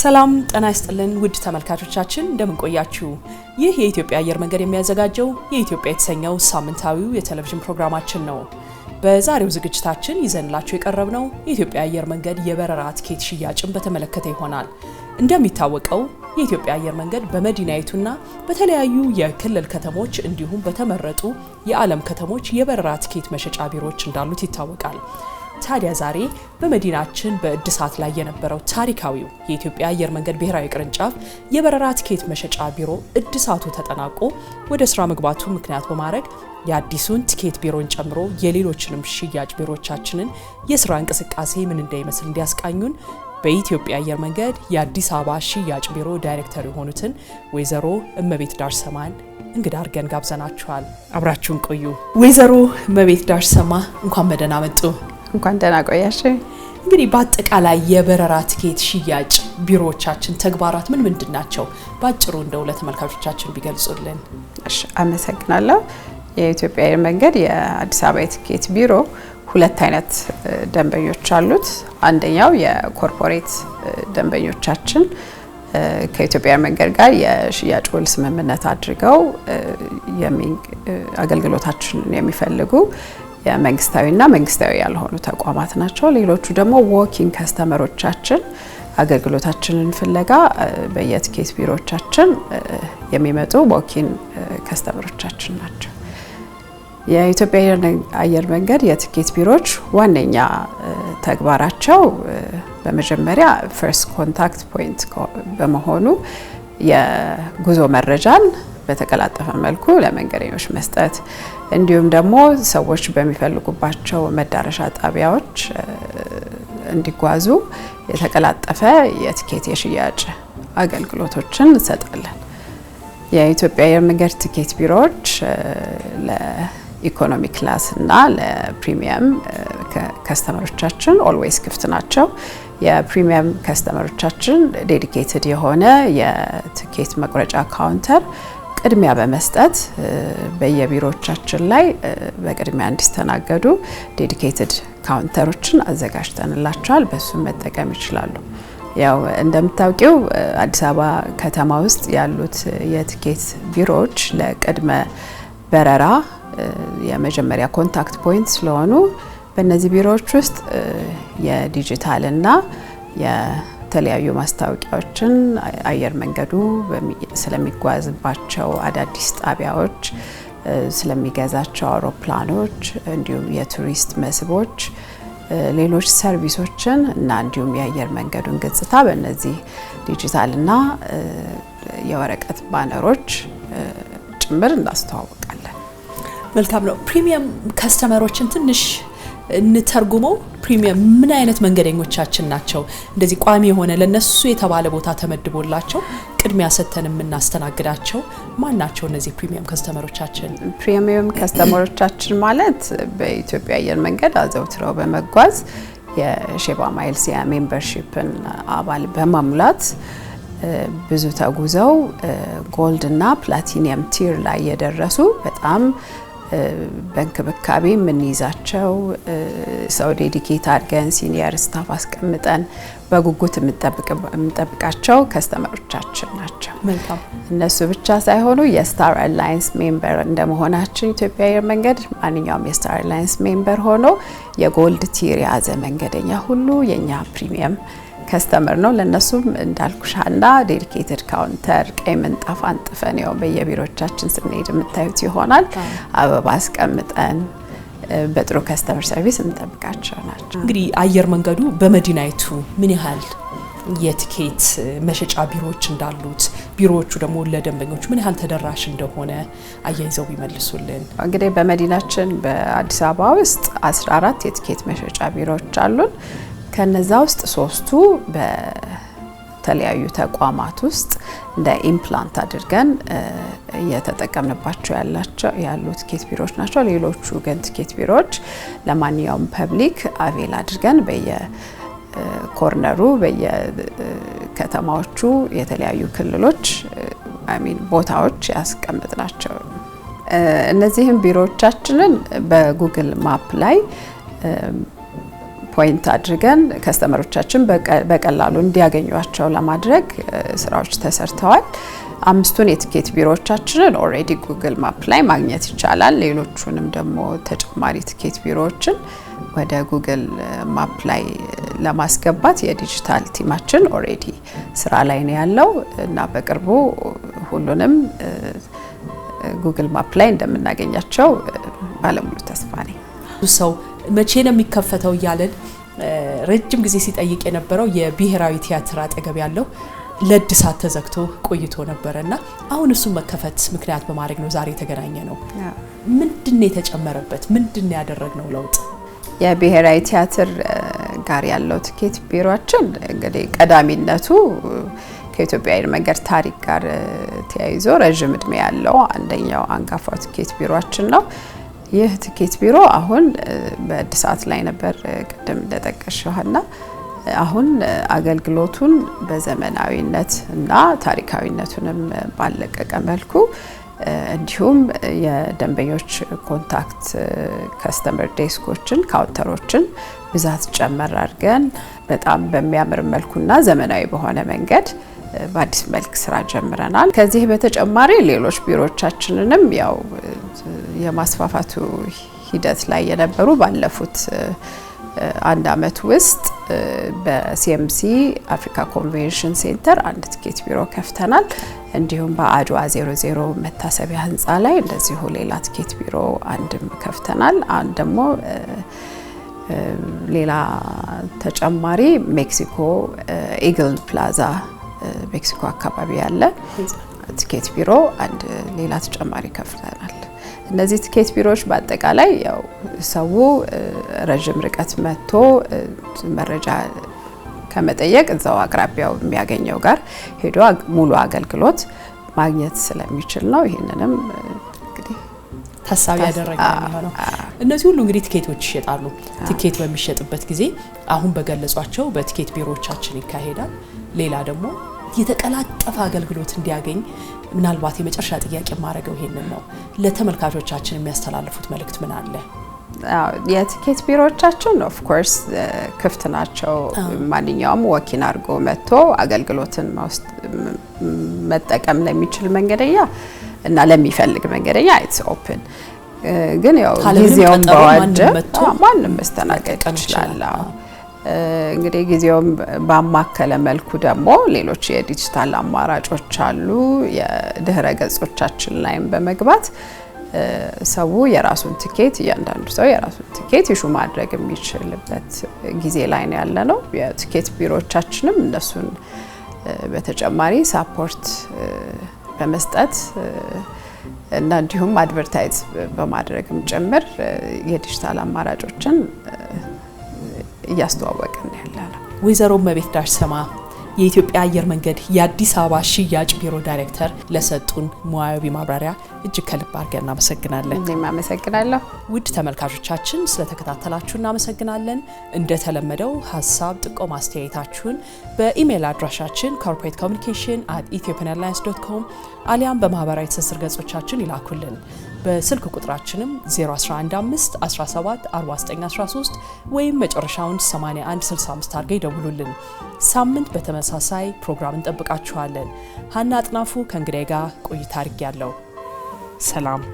ሰላም ጤና ይስጥልን ውድ ተመልካቾቻችን እንደምን ቆያችሁ? ይህ የኢትዮጵያ አየር መንገድ የሚያዘጋጀው የኢትዮጵያ የተሰኘው ሳምንታዊው የቴሌቪዥን ፕሮግራማችን ነው። በዛሬው ዝግጅታችን ይዘንላችሁ የቀረብነው የኢትዮጵያ አየር መንገድ የበረራ ትኬት ሽያጭን በተመለከተ ይሆናል። እንደሚታወቀው የኢትዮጵያ አየር መንገድ በመዲናይቱና በተለያዩ የክልል ከተሞች እንዲሁም በተመረጡ የዓለም ከተሞች የበረራ ትኬት መሸጫ ቢሮዎች እንዳሉት ይታወቃል። ታዲያ ዛሬ በመዲናችን በእድሳት ላይ የነበረው ታሪካዊው የኢትዮጵያ አየር መንገድ ብሔራዊ ቅርንጫፍ የበረራ ትኬት መሸጫ ቢሮ እድሳቱ ተጠናቆ ወደ ስራ መግባቱ ምክንያት በማድረግ የአዲሱን ትኬት ቢሮን ጨምሮ የሌሎችንም ሽያጭ ቢሮቻችንን የስራ እንቅስቃሴ ምን እንዳይመስል እንዲያስቃኙን በኢትዮጵያ አየር መንገድ የአዲስ አበባ ሽያጭ ቢሮ ዳይሬክተር የሆኑትን ወይዘሮ እመቤት ዳርሰማን እንግዳ አድርገን ጋብዘናችኋል። አብራችሁን ቆዩ። ወይዘሮ እመቤት ዳርሰማ እንኳን በደህና መጡ። እንኳን ደህና ቆያሽ። እንግዲህ በአጠቃላይ የበረራ ትኬት ሽያጭ ቢሮዎቻችን ተግባራት ምን ምንድን ናቸው? በአጭሩ እንደው ለተመልካቾቻችን ቢገልጹልን። አመሰግናለሁ። የኢትዮጵያ አየር መንገድ የአዲስ አበባ የትኬት ቢሮ ሁለት አይነት ደንበኞች አሉት። አንደኛው የኮርፖሬት ደንበኞቻችን ከኢትዮጵያ መንገድ ጋር የሽያጭ ውል ስምምነት አድርገው አገልግሎታችንን የሚፈልጉ የመንግስታዊና መንግስታዊ ያልሆኑ ተቋማት ናቸው። ሌሎቹ ደግሞ ዎኪንግ ከስተመሮቻችን አገልግሎታችንን ፍለጋ በየትኬት ቢሮዎቻችን የሚመጡ ዎኪን ከስተመሮቻችን ናቸው። የኢትዮጵያ አየር መንገድ የትኬት ቢሮዎች ዋነኛ ተግባራቸው በመጀመሪያ ፈርስት ኮንታክት ፖይንት በመሆኑ የጉዞ መረጃን በተቀላጠፈ መልኩ ለመንገደኞች መስጠት እንዲሁም ደግሞ ሰዎች በሚፈልጉባቸው መዳረሻ ጣቢያዎች እንዲጓዙ የተቀላጠፈ የትኬት የሽያጭ አገልግሎቶችን እንሰጣለን። የኢትዮጵያ አየር መንገድ ትኬት ቢሮዎች ለኢኮኖሚ ክላስ እና ለፕሪሚየም ከስተመሮቻችን ኦልዌይስ ክፍት ናቸው። የፕሪሚየም ከስተመሮቻችን ዴዲኬትድ የሆነ የትኬት መቁረጫ ካውንተር ቅድሚያ በመስጠት በየቢሮዎቻችን ላይ በቅድሚያ እንዲስተናገዱ ዴዲኬትድ ካውንተሮችን አዘጋጅተንላቸዋል። በእሱም መጠቀም ይችላሉ። ያው እንደምታውቂው አዲስ አበባ ከተማ ውስጥ ያሉት የትኬት ቢሮዎች ለቅድመ በረራ የመጀመሪያ ኮንታክት ፖይንት ስለሆኑ በእነዚህ ቢሮዎች ውስጥ የዲጂታልና የተለያዩ ማስታወቂያዎችን አየር መንገዱ ስለሚጓዝባቸው አዳዲስ ጣቢያዎች፣ ስለሚገዛቸው አውሮፕላኖች፣ እንዲሁም የቱሪስት መስህቦች፣ ሌሎች ሰርቪሶችን እና እንዲሁም የአየር መንገዱን ገጽታ በእነዚህ ዲጂታልና የወረቀት ባነሮች ጭምር እናስተዋወቃለን። መልካም ነው። ፕሪሚየም ከስተመሮችን ትንሽ እንተርጉመው ፕሪሚየም ምን አይነት መንገደኞቻችን ናቸው? እንደዚህ ቋሚ የሆነ ለነሱ የተባለ ቦታ ተመድቦላቸው ቅድሚያ ሰጥተን የምናስተናግዳቸው ማን ናቸው? እነዚህ ፕሪሚየም ከስተመሮቻችን። ፕሪሚየም ከስተመሮቻችን ማለት በኢትዮጵያ አየር መንገድ አዘውትረው በመጓዝ የሼባ ማይልስ የሜምበርሺፕን አባል በማሙላት ብዙ ተጉዘው ጎልድ እና ፕላቲኒየም ቲር ላይ የደረሱ በጣም በእንክብካቤ የምንይዛቸው ሰው ዴዲኬት አድርገን ሲኒየር ስታፍ አስቀምጠን በጉጉት የምንጠብቃቸው ከስተመሮቻችን ናቸው። እነሱ ብቻ ሳይሆኑ የስታር አላይንስ ሜምበር እንደመሆናችን ኢትዮጵያ አየር መንገድ ማንኛውም የስታር አላይንስ ሜምበር ሆኖ የጎልድ ቲር የያዘ መንገደኛ ሁሉ የእኛ ፕሪሚየም ከስተመር ነው። ለእነሱም እንዳልኩሽ ሀና ዴዲኬትድ ካውንተር ቀይ ምንጣፍ አንጥፈን ያው በየቢሮቻችን ስንሄድ የምታዩት ይሆናል አበባ አስቀምጠን በጥሩ ከስተመር ሰርቪስ የምንጠብቃቸው ናቸው። እንግዲህ አየር መንገዱ በመዲናይቱ ምን ያህል የትኬት መሸጫ ቢሮዎች እንዳሉት ቢሮዎቹ ደግሞ ለደንበኞች ምን ያህል ተደራሽ እንደሆነ አያይዘው ይመልሱልን። እንግዲህ በመዲናችን በአዲስ አበባ ውስጥ 14 የትኬት መሸጫ ቢሮዎች አሉን። ከነዛ ውስጥ ሶስቱ በተለያዩ ተቋማት ውስጥ እንደ ኢምፕላንት አድርገን እየተጠቀምንባቸው ያሉ ትኬት ቢሮዎች ናቸው። ሌሎቹ ግን ትኬት ቢሮዎች ለማንኛውም ፐብሊክ አቬል አድርገን በየ ኮርነሩ በየከተማዎቹ የተለያዩ ክልሎች አሚን ቦታዎች ናቸው። እነዚህም ቢሮዎቻችንን በጉግል ማፕ ላይ ፖይንት አድርገን ከስተመሮቻችን በቀላሉ እንዲያገኟቸው ለማድረግ ስራዎች ተሰርተዋል። አምስቱን የትኬት ቢሮዎቻችንን ኦልሬዲ ጉግል ማፕ ላይ ማግኘት ይቻላል። ሌሎቹንም ደግሞ ተጨማሪ ትኬት ቢሮዎችን ወደ ጉግል ማፕ ላይ ለማስገባት የዲጂታል ቲማችን ኦልሬዲ ስራ ላይ ነው ያለው እና በቅርቡ ሁሉንም ጉግል ማፕ ላይ እንደምናገኛቸው ባለሙሉ ተስፋ ነኝ። ሰው መቼ ነው የሚከፈተው እያለን ረጅም ጊዜ ሲጠይቅ የነበረው የብሔራዊ ቲያትር አጠገብ ያለው ለእድሳት ተዘግቶ ቆይቶ ነበረ እና አሁን እሱን መከፈት ምክንያት በማድረግ ነው ዛሬ የተገናኘ ነው። ምንድን የተጨመረበት? ምንድን ነው ያደረግነው ለውጥ? የብሔራዊ ቲያትር ጋር ያለው ትኬት ቢሮችን እንግዲህ ቀዳሚነቱ ከኢትዮጵያ አየር መንገድ ታሪክ ጋር ተያይዞ ረዥም እድሜ ያለው አንደኛው አንጋፋው ትኬት ቢሮችን ነው። ይህ ትኬት ቢሮ አሁን በእድሳት ላይ ነበር፣ ቅድም እንደጠቀስሽዋልና አሁን አገልግሎቱን በዘመናዊነት እና ታሪካዊነቱንም ባለቀቀ መልኩ እንዲሁም የደንበኞች ኮንታክት ከስተመር ዴስኮችን ካውንተሮችን ብዛት ጨመር አድርገን በጣም በሚያምር መልኩና ዘመናዊ በሆነ መንገድ በአዲስ መልክ ስራ ጀምረናል። ከዚህ በተጨማሪ ሌሎች ቢሮዎቻችንንም ያው የማስፋፋቱ ሂደት ላይ የነበሩ ባለፉት አንድ አመት ውስጥ በሲኤምሲ አፍሪካ ኮንቬንሽን ሴንተር አንድ ትኬት ቢሮ ከፍተናል። እንዲሁም በአድዋ 00 መታሰቢያ ህንፃ ላይ እንደዚሁ ሌላ ትኬት ቢሮ አንድም ከፍተናል። አንድ ደግሞ ሌላ ተጨማሪ ሜክሲኮ ኢግል ፕላዛ ሜክሲኮ አካባቢ ያለ ትኬት ቢሮ አንድ ሌላ ተጨማሪ ከፍተናል። እነዚህ ትኬት ቢሮዎች በአጠቃላይ ያው ሰው ረዥም ርቀት መጥቶ መረጃ ከመጠየቅ እዛው አቅራቢያው የሚያገኘው ጋር ሄዶ ሙሉ አገልግሎት ማግኘት ስለሚችል ነው። ይህንንም እንግዲህ ታሳቢ ያደረገ የሚሆነው እነዚህ ሁሉ እንግዲህ ትኬቶች ይሸጣሉ። ትኬት በሚሸጥበት ጊዜ አሁን በገለጿቸው በትኬት ቢሮዎቻችን ይካሄዳል። ሌላ ደግሞ የተቀላጠፈ አገልግሎት እንዲያገኝ ምናልባት የመጨረሻ ጥያቄ የማደርገው ይሄንን ነው። ለተመልካቾቻችን የሚያስተላልፉት መልእክት ምን አለ? የትኬት ቢሮዎቻችን ኦፍኮርስ ክፍት ናቸው። ማንኛውም ወኪን አድርጎ መጥቶ አገልግሎትን መጠቀም ለሚችል መንገደኛ እና ለሚፈልግ መንገደኛ ኢትስ ኦፕን ግን ያው ጊዜውን በዋጀ ማንም መስተናገድ ይችላል። እንግዲህ ጊዜውም ባማከለ መልኩ ደግሞ ሌሎች የዲጂታል አማራጮች አሉ። የድህረ ገጾቻችን ላይም በመግባት ሰው የራሱን ትኬት እያንዳንዱ ሰው የራሱን ትኬት ይሹ ማድረግ የሚችልበት ጊዜ ላይ ነው ያለ ነው። የትኬት ቢሮዎቻችንም እነሱን በተጨማሪ ሳፖርት በመስጠት እና እንዲሁም አድቨርታይዝ በማድረግም ጭምር የዲጂታል አማራጮችን እያስተዋወቅን ያለ ነው። ወይዘሮ እመቤት ዳሽሰማ የኢትዮጵያ አየር መንገድ የአዲስ አበባ ሽያጭ ቢሮ ዳይሬክተር ለሰጡን ሙያዊ ማብራሪያ እጅግ ከልብ አድርገን እናመሰግናለን። እኔም አመሰግናለሁ። ውድ ተመልካቾቻችን ስለተከታተላችሁ እናመሰግናለን። እንደተለመደው ሀሳብ፣ ጥቆም፣ አስተያየታችሁን በኢሜይል አድራሻችን ኮርፖሬት ኮሚኒኬሽን አት ኢትዮጵያን ኤርላይንስ ዶት ኮም አሊያም በማህበራዊ ትስስር ገጾቻችን ይላኩልን። በስልክ ቁጥራችንም 011 17 13 ወይም መጨረሻውን 8165 አድርገው ይደውሉልን። ሳምንት በተመሳሳይ ፕሮግራም እንጠብቃችኋለን። ሀና አጥናፉ ከእንግዳዬ ጋር ቆይታ ያለው ሰላም።